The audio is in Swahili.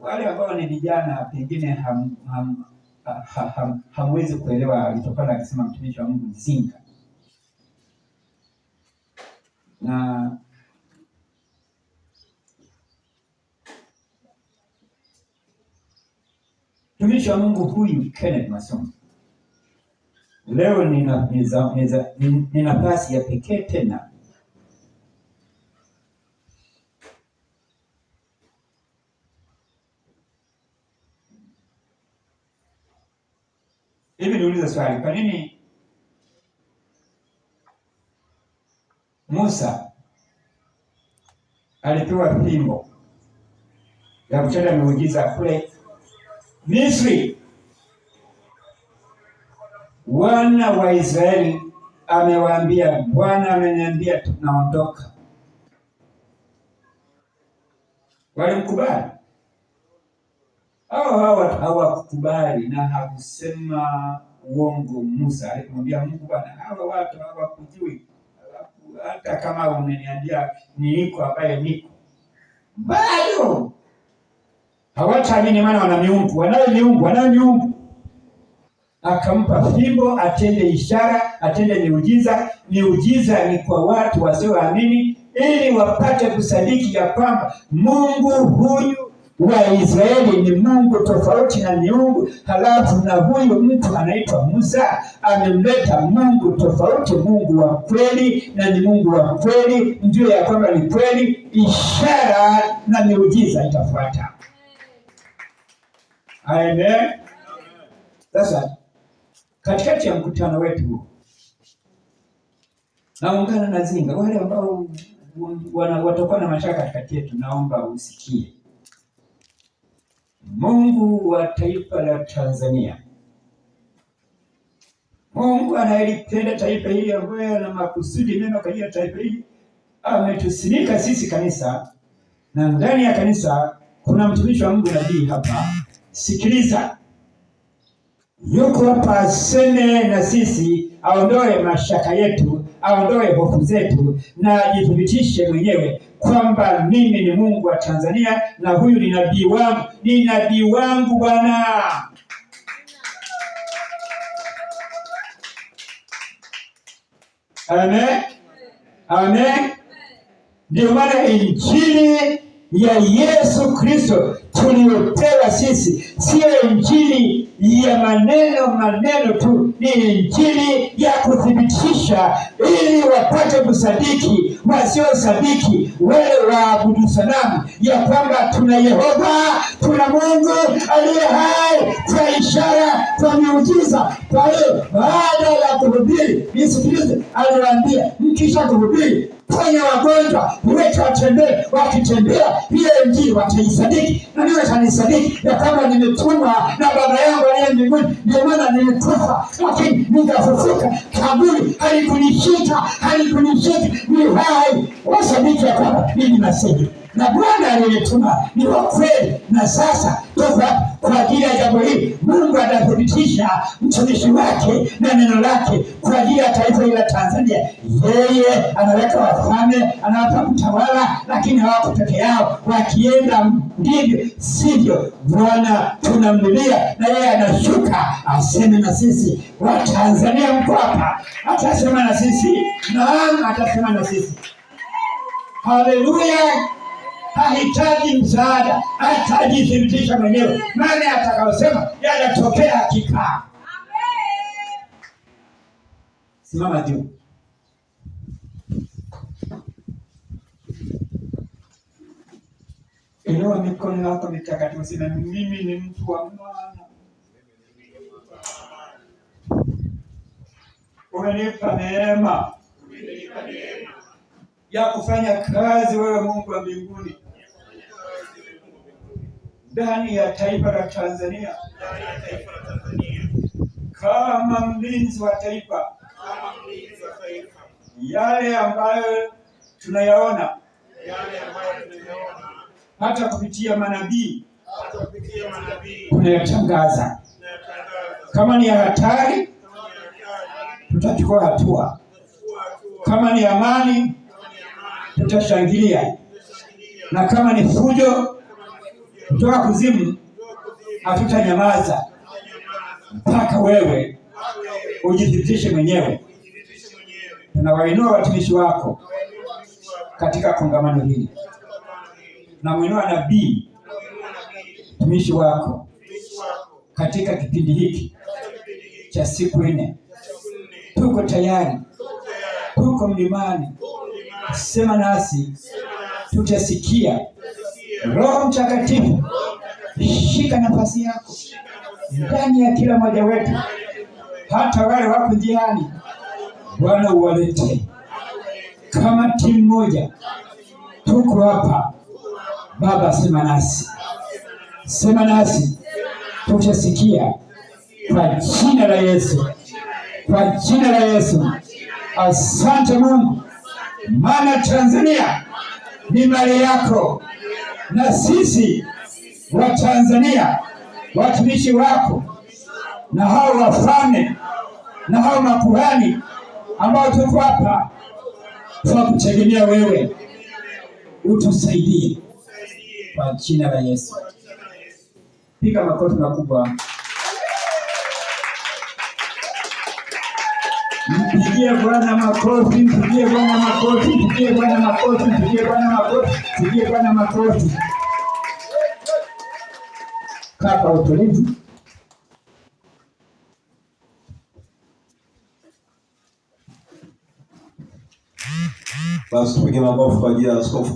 wale ambao ni vijana pengine ham, ham, ha, ham, hamwezi kuelewa alitokana akisema mtumishi wa Mungu mzinga na mtumishi wa Mungu huyu Kenneth Masomo, leo nina nafasi ya pekee tena kujiuliza swali, kwa nini Musa alipewa fimbo ya kutenda miujiza kule Misri? Wana wa Israeli amewaambia, Bwana ameniambia tunaondoka. Walikubali? Hao hao hawakukubali na hakusema uongo Musa. Alimwambia Mungu, Bwana, hawa watu hawakujui, hata kama umeniambia niiko ambaye niko bado hawataamini, maana wana miungu, wanayo miungu, wanayo miungu. Akampa fimbo atende ishara, atende miujiza. Miujiza ni kwa watu wasioamini, ili wapate kusadiki ya kwamba Mungu huyu wa Israeli ni Mungu tofauti na miungu. Halafu na huyu mtu anaitwa Musa amemleta Mungu tofauti, Mungu wa kweli, na ni Mungu wa kweli, ndio ya kwamba ni kweli. Ishara na miujiza itafuata. Amen. Sasa katikati ya mkutano wetu huu naungana na zinga wale ambao watakuwa na mashaka katikati yetu, naomba usikie Mungu wa taifa la Tanzania, Mungu anayelipenda taifa hili, ambaye ana makusudi mema kwa ajili ya taifa hili, ametusimika sisi kanisa, na ndani ya kanisa kuna mtumishi wa Mungu nabii hapa. Sikiliza, yuko hapa aseme na sisi, aondoe mashaka yetu aondoe hofu zetu na ajithibitishe mwenyewe kwamba mimi ni Mungu wa Tanzania na huyu ni nabii wangu, ni nabii wangu Bwana. Amen, amen. Ndio maana injili ya Yesu Kristo tuliyopewa sisi, siyo injili ya maneno maneno tu, ni injili ya kuthibitisha, ili wapate kusadiki wasiosadiki, wale waabudu sanamu, ya kwamba tuna Yehova, tuna Mungu aliye hai, tuna ishara, kwa miujiza. Kwa hiyo baada ya kuhubiri, nisikilize, aliwaambia mkisha kuhubiri ponya wagonjwa, uweke watembee, wakitembea pia Injili wataisadiki na mimi watanisadiki ya kwamba nimetumwa na Baba yangu aliye mbinguni. Ndio maana nilikufa, lakini nikafufuka. Kaburi halikunishika, halikunishika, ni hai. Wasadiki ya kwamba mimi nasema na Bwana aliyenituma ni wa kweli, na sasa toka kwa ajili ya jambo hili. Mungu atathibitisha mtumishi wake na neno lake kwa ajili ya taifa hili la Tanzania. Yeye anaweka wafalme, anawapa mtawala, lakini hawako peke yao, wakienda ndivyo sivyo. Bwana tunamlilia na yeye anashuka aseme na sisi. Tanzania, mko hapa, atasema na sisi, naam, atasema na sisi. Haleluya! hahitaji msaada, atajithibitisha mwenyewe. Maana atakayosema yanatokea Akikaa Simama juu. Inua mikono yako mitakatifu, sema mimi ni mtu wa maana. Umenipa neema. Umenipa neema ya kufanya kazi wewe Mungu wa mbinguni ndani ya taifa la Tanzania kama mlinzi wa taifa, yale ambayo tunayaona hata kupitia manabii kunayatangaza Kama ni ya hatari, tutachukua hatua. Kama ni amani tutashangilia, na kama ni fujo kutoka kuzimu, hatutanyamaza mpaka wewe ujithibitishe mwenyewe. Tunawainua watumishi wako katika kongamano hili, namwinua nabii mtumishi wako katika kipindi hiki cha siku nne. Tuko tayari, tuko mlimani. Sema nasi, tutasikia. Roho Mtakatifu, shika nafasi yako ndani ya kila mmoja wetu, hata wale wako njiani, Bwana uwalete kama timu moja. Tuko hapa Baba, sema nasi, sema nasi, tutasikia kwa jina la Yesu, kwa jina la Yesu. Asante Mungu maana Tanzania ni mali yako, na sisi wa tanzania watumishi wako, na hao wafane na hao makuhani ambao tuko hapa, tunakutegemea wewe, utusaidie kwa jina la Yesu. Piga makofi makubwa. Mpigie Bwana makofi, mpigie Bwana makofi, mpigie Bwana makofi, mpigie Bwana makofi, mpigie Bwana makofi. Kaa kwa utulivu. Basi tupige makofi kwa ajili ya askofu.